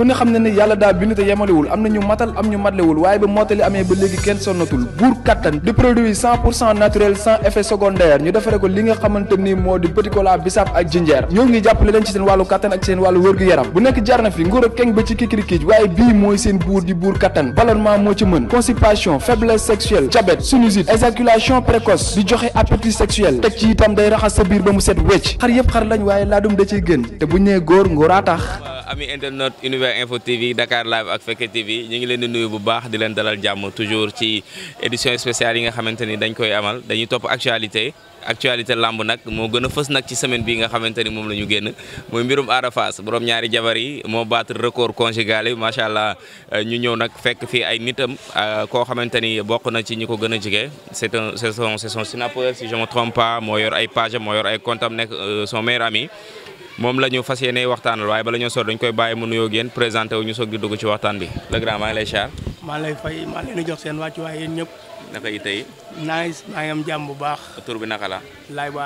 ku ne xam ne ne yàlla daa bindu te yemalewul am na ñu matal am ñu matlewul waaye ba mottali amee ba léegi kenn sonnatul buur kattan di produit cent pour cent naturel sans effet secondaire ñu defare ko li nga xamante ni moo di petit bisaab ak jinjeer ñoo ngi jàppale leen ci seen wàllu kattan ak seen wàllu wërgu-yaram bu nekk jarna fi nguur ak keng ba ci kikirikiij waaye bii mooy seen buur di buur kattan ballonnement moo ci mën constipation faiblesse Touba Info TV Dakar Live ak Fekke TV ñu ngi leen di nuyu bu baax di leen dalal jàmm toujours ci édition spéciale yi nga xamante ni dañ koy amal dañuy topp actualité actualité lamb nag moo gën a fës nag ci semaine bi nga xamante ni moom la ñu génn mooy mbirum Ada Fass borom ñaari jabar yi moo baat record conjugal yi macha allah euh, ñu ñëw nag fekk fii ay nitam euh, koo xamante ni bokk na ci ñu ko gën a jege c'est un son c'est si je me trompe pas moo yor ay page moo yor ay compte am nekk euh, son meilleur ami moom la ñu fas yéene waxtaanal waaye bala ñoo sor dañ koy bàyyi mu nuyoo ak yéen présenté wu ñu soog di dugg ci waxtaan bi le grand maa ngi lay char maa lay fay maa leen jox seen wàccu waaye yéen ñëpp naka yi tey naa maa jàmm bu baax tur bi naka la laay bu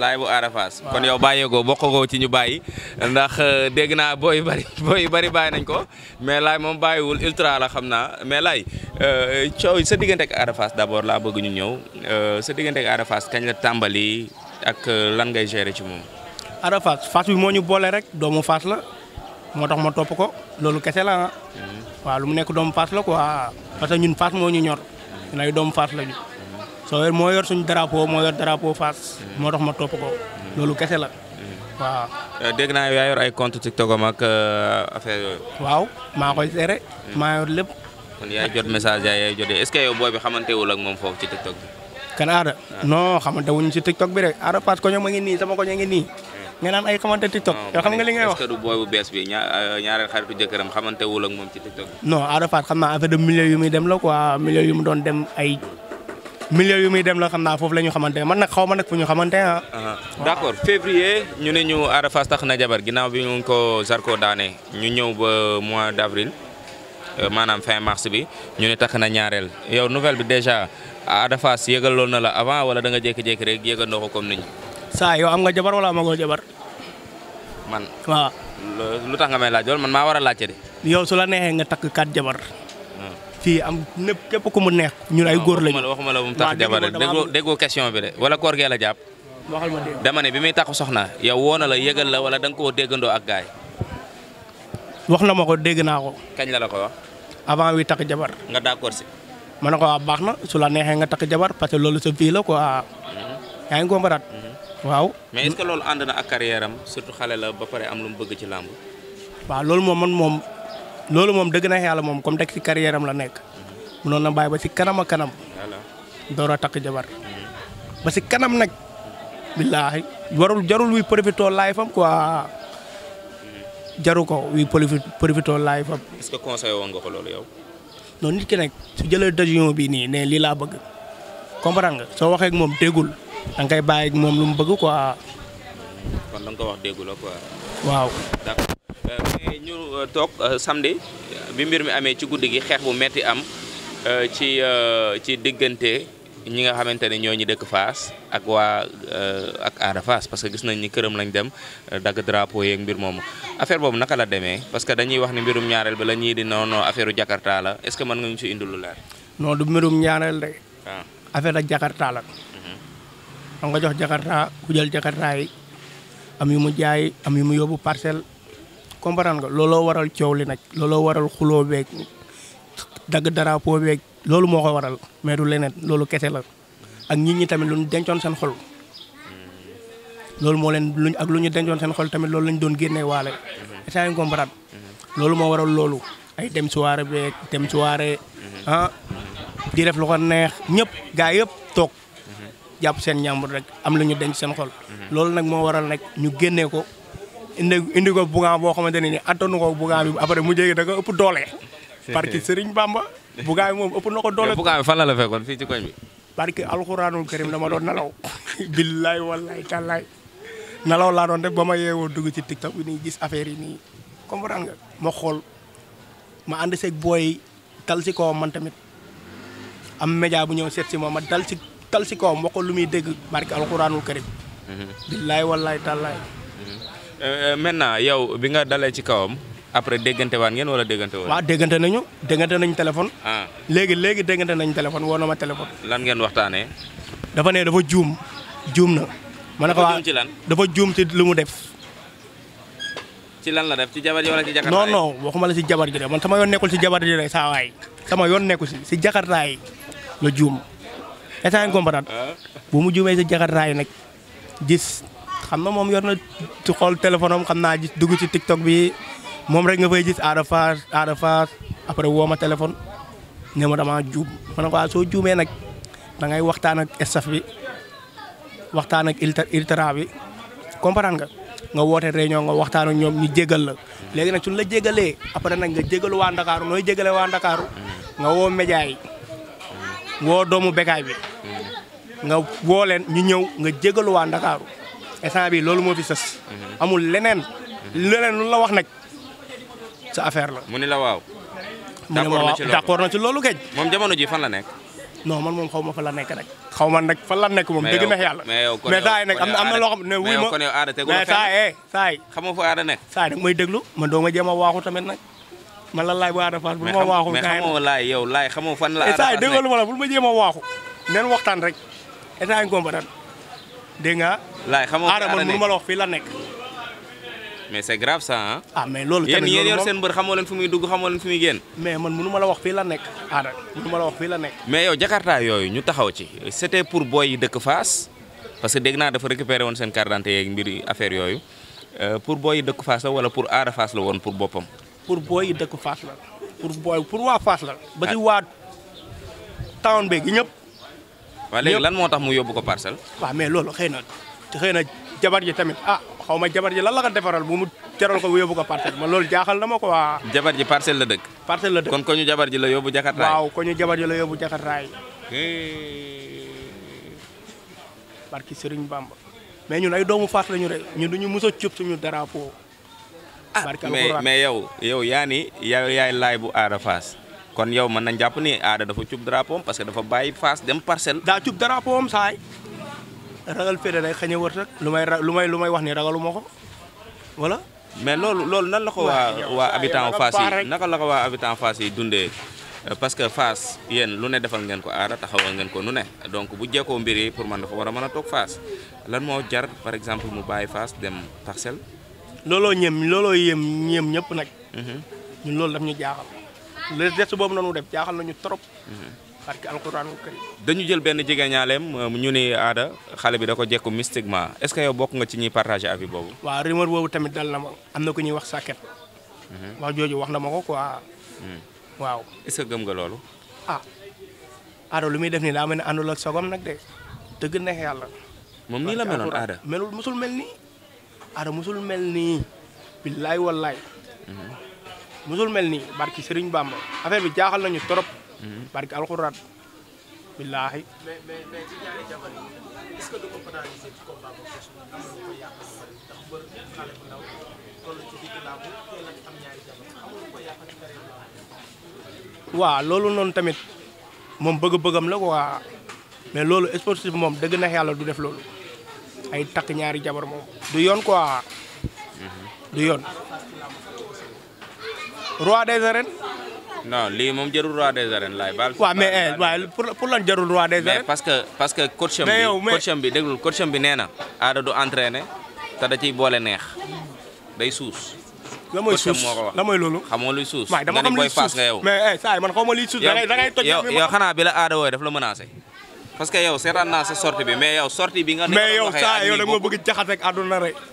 laay bu aarafaas kon yow bàyyeegoo bokkagoo ci ñu bàyyi ndax euh, dégg naa booy bari booy bari nañ ko mais laay moom bàyyiwul ultra la xam naa mais laay euh, coow sa diggante ak aarafaas d'abord la bëgg ñu ñëw euh, sa diggante ak aarafaas kañ la tàmbali ak lan ngay gérer ci moom Ada Fass Fass bi moo ñu boole rek doomu Fass la moo tax ma topp ko loolu kese la ah. Mhm. mu nekk doomu Fass la quoi parce que ñun Fass moo ñu ñor mhm. ñun ay doomu Fass mhm. moo yor suñu drapeau moo yor drapeau moo tax ma topp ko loolu kese la waaw. Euh, dégg naa yor ay compte TikTok euh, affaire yooyu. waaw maa koy seere maa yor lépp. kon yaay jot message yaay yaay jotee est-ce que yow booy bi xamante wul ak moom foofu ci TikTok bi. kan aada ah. non xamante wuñ ci TikTok bi rek aada Fass ko a ngi nii sama ko ñoo ngi nii. nga ay xamante TikTok. yow nga li ngay wax est-ce que du booy bu bees bi euh, ñaareel xaritu jëkkëram xamante wul ak moom ci TikTok. non Ada xam naa affaire de muy dem la quoi yu mu doon dem ay. milieu yu muy dem la xam naa foofu la ñu xamante man nag xaw ma nag fu ñu xamante ah. Uh-huh. d'accord février ñu ne ñu Ada Fass tax na jabar ginnaaw bi ñu ko sarko daane ñu ñëw ba mois d'avril euh, maanaam fin mars bi ñu ne tax na ñaareel yow nouvelle bi déjà Ada yëgal lool na la avant wala danga nga jékki-jékki rek yëgal na ko comme saa yow am nga jabar wala amagoo jabar. man waaw. lu tax nga may laaj loolu man maa war a laajte de. yow su la neexee nga takk kat jabar. Hmm. fii am ñëpp képp ku mu neex. ñun ay góor lañu wax ma la bu mu takk jabar de bi de wala koor gee la jàpp. dama ne bi muy takku soxna yow woo na la yëgal la wala da nga koo déggandoo ak gaay wax na ma ko dégg naa ko. kañ la la ko wax. avant wi takk nga d'accord si. Ah, na su la neexee nga takk jabar parce loolu sa vie la quoi. Hmm. yaa ngi comprendre. waaw mais est loolu ànd na ak carrière am surtout xale la ba pare am lu mu bëgg ci làmb. waaw loolu moom man moom loolu moom dëgg na yàlla moom comme teg ci carrière la nekk. Mhm. munoon na bàyyi ba ci kanam kanam. door takk jabar. Mhm. ba ci kanam nag. billaahi jarul wuy profitoo laay fam quoi mhm. jaru ko wuy profitoo laay fam. est-ce que nga ko loolu yow. non ki nag su jëlee décision bi nii ne lii laa bëgg comprendre nga soo waxee moom déggul. da bàyyi moom lu mu bëgg quoi. kon da nga ko wax déggu la quoi. waaw. d'accord euh, mais ñu euh, toog euh, samedi bi mbir mi amee ci guddi gi xeex bu metti am ci ci diggante ñi nga xamante ne ñoo ñu dëkk Fass ak waa ak aada Fass parce que gis nañ ni këram lañ dem dagg drapeau yeeg mbir moomu affaire boobu naka la demee parce que dañuy wax ni mbirum ñaareel ba la ñii di non non affaire Jakarta la est-ce que mën nga ñu si indil lu leer. non du mbirum ñaareel de. waaw ah. affaire ak Jakarta la. am nga jox jakarta ku jël jakarta yi am yu mu jaay am yu mu yóbbu parcelle comprendre nga looloo waral coow li nag looloo waral xuloo beeg dagg drapeau beeg loolu moo ko waral mais du leneen loolu kese la ak nit ñi tamit lu ñu dencoon seen xol loolu moo leen luñ ak lu ñu dencoon seen xol tamit loolu lañ doon génne waale état mhm. yi comprendre mhm. loolu moo waral loolu ay dem soirée beeg dem soirée mhm. ah di def lu ko neex ñëpp gaa yëpp toog jàpp seen ñàmbur rek am lu ñu denc seen xol. loolu nag moo waral nag ñu génnee ko indi indi ko Bougan boo xamante ne nii attanu ko Bougan bi après mu jéggi da ko ëpp doole. parce que Serigne Bamba. Bougan bi moom ëpp na ko doole. Bougan bi fan la la fekkoon fii ci koñ bi. parce que alxuraanul karim dama doon nalaw. billaay laa doon def ba ma yeewoo dugg ci tiktok bi nii gis affaire yi nii comprendre ma xool ma ànd seeg booy tal si kawam man tamit am média bu ñëw seet si moom ma dal si tal si kawam wax lu muy dégg barke alxuraanul karim mhm. billaay wallaay tàllaay mhm. euh, euh, maintenant yow bi nga dalee ci kawam après déggante waan ngeen wala déggante woon. waaw déggante nañu déggante nañu téléphone. Ah. léegi léegi déggante nañu téléphone woo na ma téléphone. lan waxtaanee. dafa ne dafa juum juum na. ma ne ko waa ci lan dafa juum ci lu mu def. ci lan la def ci jabar ji wala ci jakartaay. non non waxuma la si jabar ji de man sama yoon nekkul si jabar ji de saa waay sama yoon nekkul si si jakartaay la juum. est-ce que comprendre bu mu jubee si jakartaayu nag gis xam na moom yor na ci xool téléphone am xam naa gis dugg ci TikTok bi moom rek nga fay gis aada faas aada faas woo ma téléphone ne ma damaa juum ma ko soo juumee nag da ngay waxtaan ak staff bi waxtaan ak ultra bi comprendre nga nga woote réunion nga waxtaan ak ñoom ñu jégal la léegi nag suñ la jégalee après nag nga jégalu waa Ndakaaru nooy jégale waa Ndakaaru mm. nga woo média yi woo doomu Bécaye bi nga woo ñu ñëw nga jégalu waa Ndakaaru instant bi loolu moo fi sës mhm. amul leneen leneen lu la wax nag sa affaire la mu ni la waaw d'accord na ci loolu géej moom jamono ji fan la nekk non man moom xaw ma fa la nekk rek xaw ma nag fan la nekk moom dëgg na yàlla mais saa yi nag am na loo xam ne wuy ma mais saa yi eh, saa yi xam nga fa aada saa yi déglu man doo ma jéem a waaxu tamit nag man la laay bu aada faas bu ma waaxul mais xamoo laay yow laay xamoo fan la aada faas déggal ma la bul a waxtaan rek état incompétent dégg nga laay xamoo aada man mënu ma wax fii la nekk mais c'est grave ça ah ah mais loolu tamit yéen seen mbër xamoo leen fi muy dugg xamoo leen fi muy mais man mënu la wax fii la nekk aada mënu la wax mais yow jakarta yooyu ñu taxaw ci c'était pour booy dëkk faas parce que dégg naa dafa woon seen carte d'identité yeeg mbir affaire yooyu euh, pour booy yi dëkk wala pour aada faas la woon pour boppam pour booy dëkk Fass la pour booy pour waa Fass la. ba ci waa town beeg yi ñëpp. ñëpp waaw lan moo tax mu yóbbu ko parcelle. waaw mais loolu xëy na xëy na jabar ji tamit ah xaw ma jabar ji lan la ko defaral bu mu teral ko bu yóbbu ko parcelle ma loolu jaaxal na ma ko waa. jabar ji parcelle la dëkk. parcelle la dëkk kon ko ñu jabar ji la yóbbu jakartaay. waaw ko ñu jabar ji la yóbbu jakartaay. barki Serigne Bamba mais ñun ay doomu Fass la ñu rek ñun du ñu mos a cub suñu drapeau. Ah, mais mais yow yow yaa ni yow yaay laay bu aada faas kon yow mën nañ jàpp ni aada dafa cub drapeau parce que dafa bàyyi faas dem parcelle. daa cub drapeau am saay ragal fee day a wër rek lu may lu may lu may wax ni ragalu ma ko voilà. mais loolu loolu nan la ko waa waa habitant Fass yi naka la ko waa habitant Fass yi dundee euh, parce que Fass yéen lu ne defal ngeen ko aada taxawal ngeen ko nu ne donc bu jekkoo mbir yi pour man dafa war a mën a toog Fass lan moo jar par exemple mu bàyyi Fass dem parcelle. looloo ñeem looloo yéem ñeem ñëpp nag. Mhm. ñun loolu daf ñu jaaxal. le geste boobu noonu def jaaxal nañu trop. parce mhm. que alxuraanu kariim dañu jël benn jegeñaaleem ñu ni aada xale bi da ko jekku mystiquement est-ce que yow bokk nga ci ñuy partagé avis boobu. waaw rumeur boobu tamit dal na ma am na ko ñuy wax sàkket. Mhm. wax jooju wax na ma ko quoi. waaw est gëm nga loolu. ah aada lu muy def nii naa mel ne àndul ak sagom nag de dëgg neex yàlla. moom nii la meloon aada melul mosul nii. aada musul mel nii billaay wallaay musul mel nii barki sëriñ Bamba affaire bi jaaxal nañu trop barki alxuraan billaahi waaw loolu noonu tamit moom bëgg-bëggam la quoi mais loolu sportif moom dëgg na yàlla du def loolu ay takk ñaari jabar moom du yoon quoi mhm. du yoon roi des arènes non lii moom jarul roi de arènes laay baal. waaw mais eh, parce que parce que coach am bi coach am bi nee na. aada du entraîné te da boole neex day suus. la mooy suus la mooy loolu. xamoo luy suus. nga ni koy paas nga yow. mais eh, saa man xaw ma xanaa bi la aada wooyee daf la menacé. parce que yow seetaan naa sa sortie bi mais yow sortie bi nga. mais yow saa nga bëgg jaxase ak rek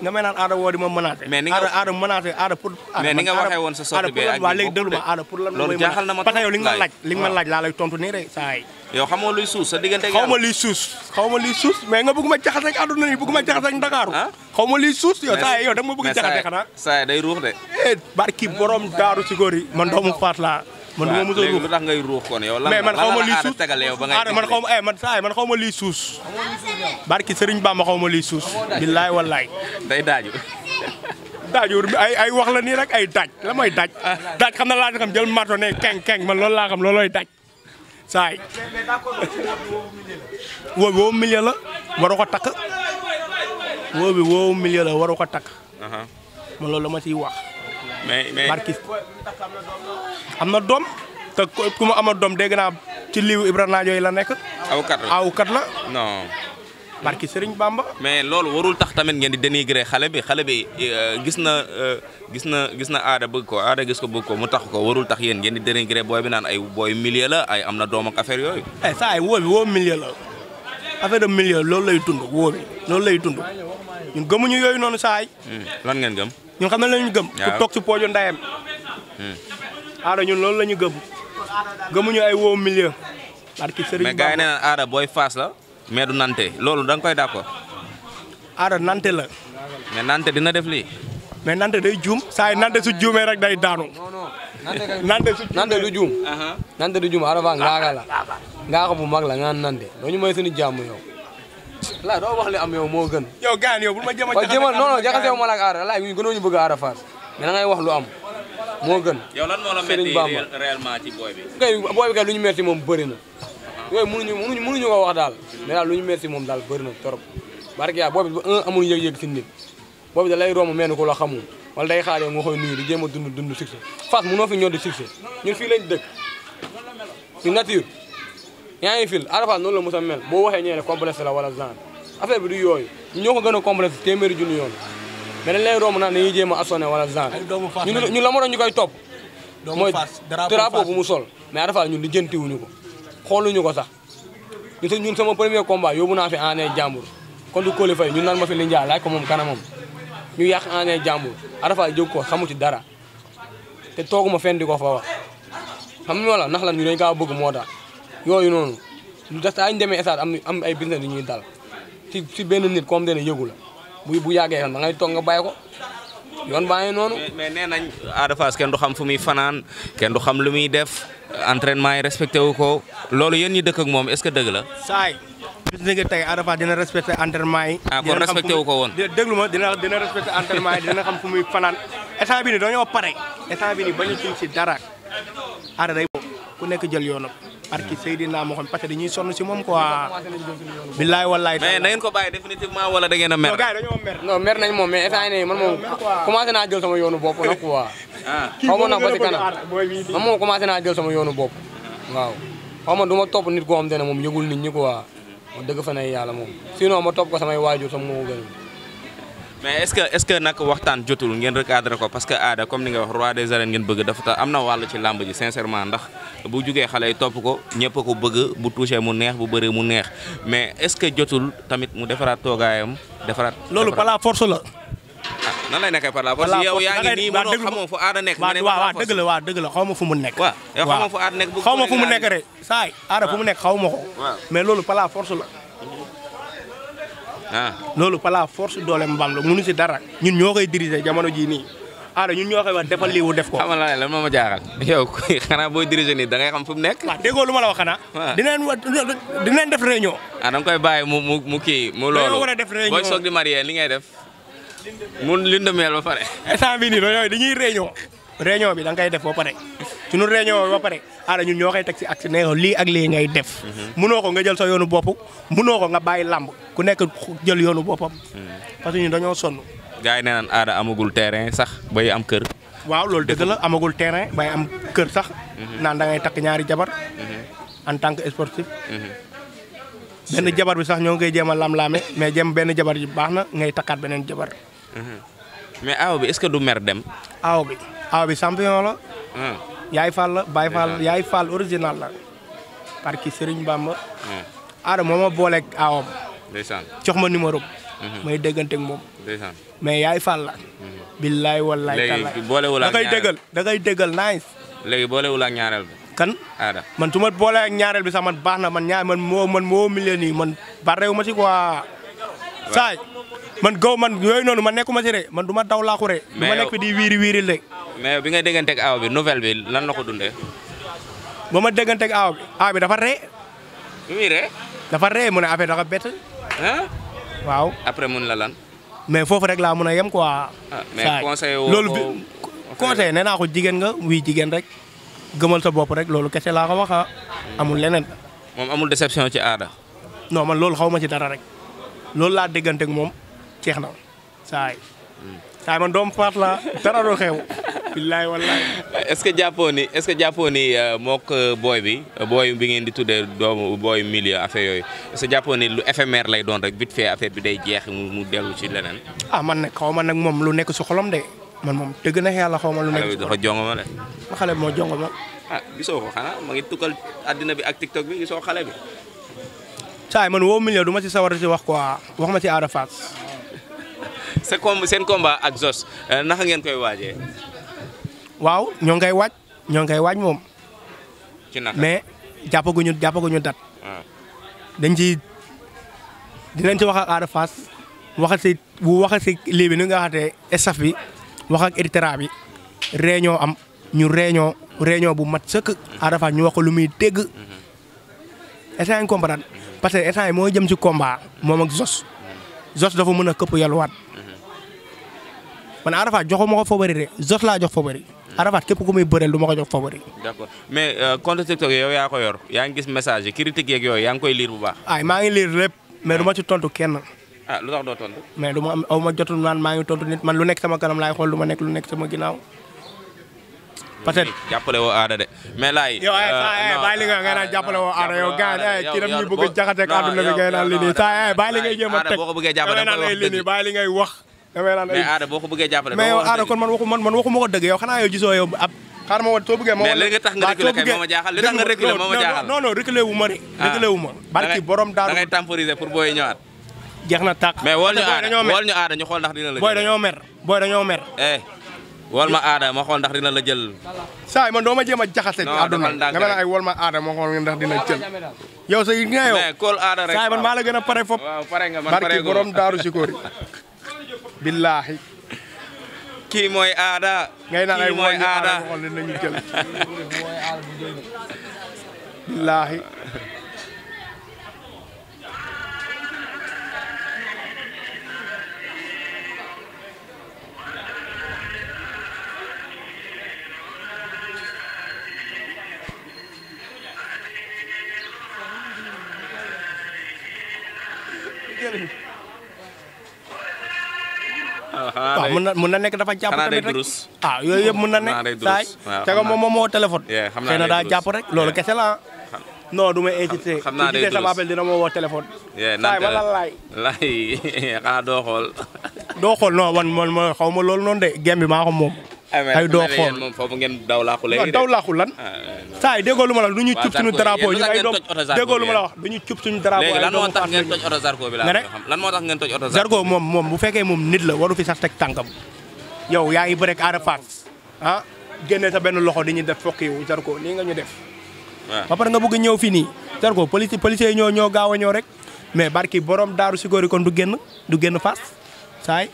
nga may naan aada woo ma mënaate. mais ni nga aada mënaate aada pour. mais ni nga waxee woon sa ma aada pour loolu jaaxal na ma parce que nii rek saa yi. yow suus sa diggante ak xaw ma luy suus ma luy suus mais nga bëgg ah? ma jaxase ak àdduna yi ma jaxase ak Ndakaaru suus yow saa yi yow ma bëgg jaxase xanaa saa yi day ruux de eh, barki borom daaru si góor man du ma mos a ruux lu tax ngay ruux kon yow lan man xaw ma lii suus aada man xaw ma man saay man xaw ma lii suus barki Sëriñ Bamba ma lii suus billaay wallaay day daaju daaju ay ay wax la nii rek ay daaj la mooy daaj daaj xam na laa xam jël marto ne keng keng man loolu laa xam loolooy daaj saay woo bi woowu milieu la waru ko takk woo bi woowu milieu ko takk uh-huh. man loolu la ma ciy wax mais mais barki am na doom te ku am a doom dégg naa ci liiwu Ibrahima yooyu la nekk. awkat la awkat la. non. barki Bamba. mais loolu warul tax tamit ngeen di dénigrer xale bi xale bi euh, gis na euh, gis na gis na aada bëgg ko aada gis ko bëgg ko mu tax ko warul tax yéen ngeen di dénigrer booy bi naan ay booy milieu la ay am na doom ak affaire yooyu. eh saa yi woo bi woo milieu la affaire de milieu loolu lay tund woo bi loolu lay tund ñun gëmuñu yooyu noonu saa yi. Hmm, lan ngeen gëm. ñun xam na lañu gëm. ku toog ci pooju ndayam. Hmm. aada ñun loolu la ñu gëm gëmuñu ay woo milieu. barki sëriñ mais gars yi nee na booy faas la mais du nante loolu da nga koy d'accord. aada nante la. mais nante dina def lii. mais nante day juum saa yi nante su juumee rek day daanu. nante su nante du juum. Uh-huh. nante du juum aada baa ngaaga la. ngaaga bu mag la nga nante doo ñu may suñu jàmm yow. la doo wax am yow moo gën. yow gaan yow bul ma jéem a jaxase la ak aara laay bëgg aara faas mais da ngay wax lu am moo gën. yow lan moo la metti réellement ci booy bi. kay booy bi kay lu ñu metti moom bëri na yooyu mënuñu mënuñu mënuñu wax daal mais daal lu ñu metti moom daal bëri na trop barke yaa boobi un amul yëg-yëg si nit boobi da lay romb mel ni ku la xamul wala day xaar yow nga koy nuyu di jéem a dund dund succès Fass mënoo fi ñoo di succès ñun fii lañ dëkk ci nature yaa ngi fil Ada Fass noonu la mos a mel boo waxee ñeene complexe la wala genre affaire bi du yooyu ñoo ko gën a complexe téeméeri junni yoon mais dañ lay romb naan dañuy jéem a assoné wala genre ñu la moroon ñu koy topp mooy drapeau bu mu sol mais Ada Fass ñun di jëntiwuñu ko xooluñu ko sax ñun ñun sama premier combat yóbbu naa fi année jàmbur kon du qualifié ñun naan ma fi li njaa laaj moom kanamam ñu yàq année jàmbur Ada Fass jóg ko ci dara te tooguma fenn di ko fa wax xam nga wala ndax lan ñu dañ kaa bëgg moo tax yooyu noonu lu des saa demee stade am am ay business yu ñuy dal ci benn nit comme te na yëgu la bu bu yàggee yoon da ngay toog nga ko yoon baa ngi noonu. mais nee nañ Ada Fass kenn du xam fu muy fanaan kenn du xam lu muy def entraînement yi respecté wu ko loolu yéen ñu dëkk ak moom est-ce que dëgg la. saay bis nga tey Ada Fass dina respecté entraînement yi. ah kon respecté ko woon déglu ma dina dina respecté entraînement yi dina xam fu muy fanaan instant bi nii dañoo pare instant bi nii bañu ci dara Ada day ku nekk jël yoonam. barki Seydina moo xam parce que dañuy sonn si moom quoi. billaay wallaay. mais na ngeen ko bàyyi définitivement wala da ngeen a mer. non mer. nañ moom mais état yi man moom commencé naa jël sama yoonu bopp nag quoi. Ah. xaw ma nag ba si kanam man moom commencé naa jël sama yoonu bopp waaw. xaw ma du ma topp nit koo xam te ne moom yëgul nit ñi quoi. ma dëgg fa ne yàlla moom sinon ma topp ko samay waajur sama moo gën mais est-ce que est-ce que nag waxtaan jotul ngeen recadré ko parce que aada comme ni nga wax roi des arènes ngeen bëgg dafa tax am na wàll ci làmb ji sincèrement ndax bu jugee xale yi topp ko ñëpp a ko bëgg bu touché mu neex bu bëree mu neex mais est-ce que jotul tamit mu defaraat toogaayam defaraat. loolu par la force la. Ah, nan lay nekkee par la force yow yaa ngi nii mënoo xamoo fu aada nekk. waaw waaw dëgg la waaw dëgg la xaw ma fu mu nekk. waaw yow xamoo fu aada nekk. bëgg xaw ma fu mu nekk rek. saay aada fu mu nekk xaw ma ko. mais loolu par la force la. Ah. loolu par la force doole mbaam la munu si dara ñun ñoo koy diriger jamono jii nii aada ñun ñoo koy wax defal lii wu def ko xam nga lan moo ma jaaxal yow xanaa booy diriger nii da ngay xam fu mu nekk waaw déggoo lu ma la wax xanaa dinañ dinañ def réunion ah da nga koy bàyyi mu mu mu kii mu loolu war def réunion booy soog di marié li ngay def mun lindemeel ba pare instant bi nii loolu dañuy réunion réunion bi da nga koy def ba pare sunu suñu réunion ba pare aada ah, ñu ñoo koy teg si ak si neexoon lii ak lii ngay def. munoo ko nga jël sa yoonu bopp munoo ko nga bàyyi lamb ku nekk jël yoonu boppam. parce que ñun dañoo sonn. gars yi nee aada amagul terrain sax bay am kër. waaw loolu dëgg la amagul terrain bay am kër sax. Mhm. naan da ngay takk ñaari jabar. Mhm. en tant que sportif. Mhm. benn jabar bi sax ñoo ngi jëm jéem a lam-laame mais jéem benn jabar ji baax na ngay takkaat beneen jabar. mais aaw bi est-ce que du mer dem. aaw bi aaw bi champion la. Hmm. yaay Fall la Baye Fall yaay Fall original la parki baam Bamba. aada moo ma boole aawam. ndeysaan jox ma numéro mm-hmm. may déggante ak moom. ndeysaan mais yaay Fall la. Mm-hmm. billaay wallaay tallaay léegi boolewul ak ñaareel da koy léegi boolewul ak ñaareel bi. kan aada man su ma boolee ñaareel bi sax man baax na man ñaar man moo man moo milieu nii man bareewu ma si quoi. saay man gaw man yooyu noonu man nekkuma si re man du ma daw laaku re. mais ma nekk fi di wiiri wiiri léegi. mais bi nga dégganteeg aw bi nouvelle bi lan la ko dundee. ba ma dégganteeg aw bi aw bi dafa ree. bi dafa ree mu ne dax dafa bett. waaw après mun la lan. mais foofu rek laa mun a yem quoi. ah mais conseil woo loolu bi conseil nee naa ko jigéen nga wii jigéen rek gëmal sa bopp rek loolu kese laa ko wax ah. amul leneen. moom amul déception ci aada. non man loolu xaw ma ci dara rek loolu laa dégganteeg moom ceex na saay hmm. saay man doom faat la dara du xew. billaay wallaay. est que jàppoo ni est que jàppoo ni euh, mook euh, booy bi euh, booy bi ngeen di tuddee doomu booy milieu affaire yooyu est-ce que jàppoo ni lu éphémère lay doon rek vite fait affaire bi day jeex mu dellu ci leneen. ah man nag xaw ma nag moom lu nekk si xolam de man moom dëgg na yàlla xaw ma lu nekk. dafa jongo ma de. xale bi moo jongo ma. ah gisoo ko xanaa ma ngi tukkal àddina bi ak tiktok bi gisoo xale bi. saay man woo milieu du ma ci sawar si wax quoi wax ma ci Ada Fass. sa comb naka ngeen koy waajee. waaw ñoo ngay waaj ñoo ngay waaj moom. ci naka mais jàppaguñu jàppaguñu dat. Ah. dañ ci dinañ ci wax ak Ada Fass si bu wax si lii bi ni nga xamante bi wax ak éditeur bi réunion am ñu réunion réunion bu mat sëkk. Mm-hmm. Ada ñu wax ko lu muy dégg. instant mm-hmm. mm-hmm. parce que instant yi moo jëm ci combat moom ak Zos. Zos dafa mën a këpp yàlwaat man Ada Fass joxuma ko favori de Zos laa jox favori Arafat képp ku muy ma ko jox favori. d'accord mais euh, compte TikTok yow yaa ko message yi critique yeeg yooyu yaa ngi koy lire bu baax. ay maa ngi lire lépp mais du ma ah. ci tontu kenn. Ah, ma am aw ma jotul naan maa ngi tontu nit man lu nekk sama kanam laay xool lu ma nekk lu nekk sama ginnaaw. peut-être mm, jàppale woo aada de mais laay. yow ay eh, euh, saa ay eh, bàyyi li nga nga naan jàppale woo aada yow gars ay eh, kii a saa ay bàyyi li ngay a teg damay naan aada boo ko bëggee jàppale mais yow aada kon man waxu man man waxuma dëgg yow xanaa yow gisoo ab ah. xaaral ma woon soo moo ma jaaxal li tax nga reculer moo ma jaaxal non non reculer ma ah. da ngay pour booy ñëwaat jeex na tàq mais wol ñu aada wol ñu aada ñu dina la booy dañoo mer booy dañoo mer eh wol ma xool ndax dina la jël saay man doo ma jéem a jaxase àdduna nga mel ay wol ma aada ma xool ndax dina jël yow sa yi nga yow mais kool aada rek saay man maa gën a pare fop barki borom daaru sikóori billaahi kii mooy aada. ngay naan ay mooy aada xool ne nañu jël. billaahi. jërëjëf. waaw mun na mun na nekk dafa jàpp tamit rek ah yooyu yëpp mun na nekk saay te ko moom moom moo téléphone xëy na daa jàpp rek loolu kese la non du ma incité xam naa day sama appel dina ma woo téléphone saay wala laay laay xanaa doo xool doo xool non man man xaw ma loolu noonu de gem bi moom Ah, ay doo xool moom foofu ngeen daw laaxu léegi daw laaxu lan ah, saa déggoo lu ma la du ñu cub suñu drapeau déggoo lu ma la wax du ñu cub suñu drapeau ay doomu toj oto Zarko moom moom bu fekkee moom nit la waru fi sax teg tànkam yow yaa ngi bërek aada faas ah génne sa benn loxo di ñu def fokk yow Zarko lii nga ñu def ba pare nga bëgg ñëw fii nii Zarko police policier ñoo ñoo gaaw a ñëw rek mais barki borom daaru si góor kon du génn du génn faas saay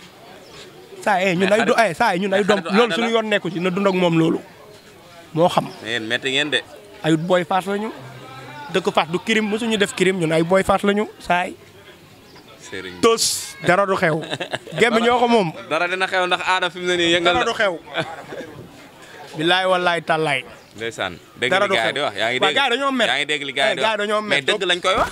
saa yi ñun ay do ay eh, saa yi ñun ay doom loolu suñu yoon nekku ci na dund ak moom loolu moo xam. mais métti ngeen de. ayut booy faas lañu dëkk faas du kirim mosuñu def kirim ñun ay booy faas lañu saa yi. sëriñ tos dara du xew. gémmi ñoo ko moom. dara dina xew ndax aada fi mu ne nii yëngal dara du xew. bilaay wallaay tàllaay. ndeysaan dégg li gars yi di wax yaa ngi dégg dañoo mer yaa ngi dégg li gars yi eh, lañ koy wax.